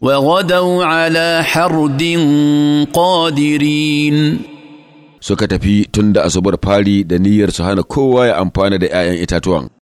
وغدوا على حرد قادرين suka tafi tun da asubar fari da niyyar su hana kowa ya amfana da 'ya'yan itatuwan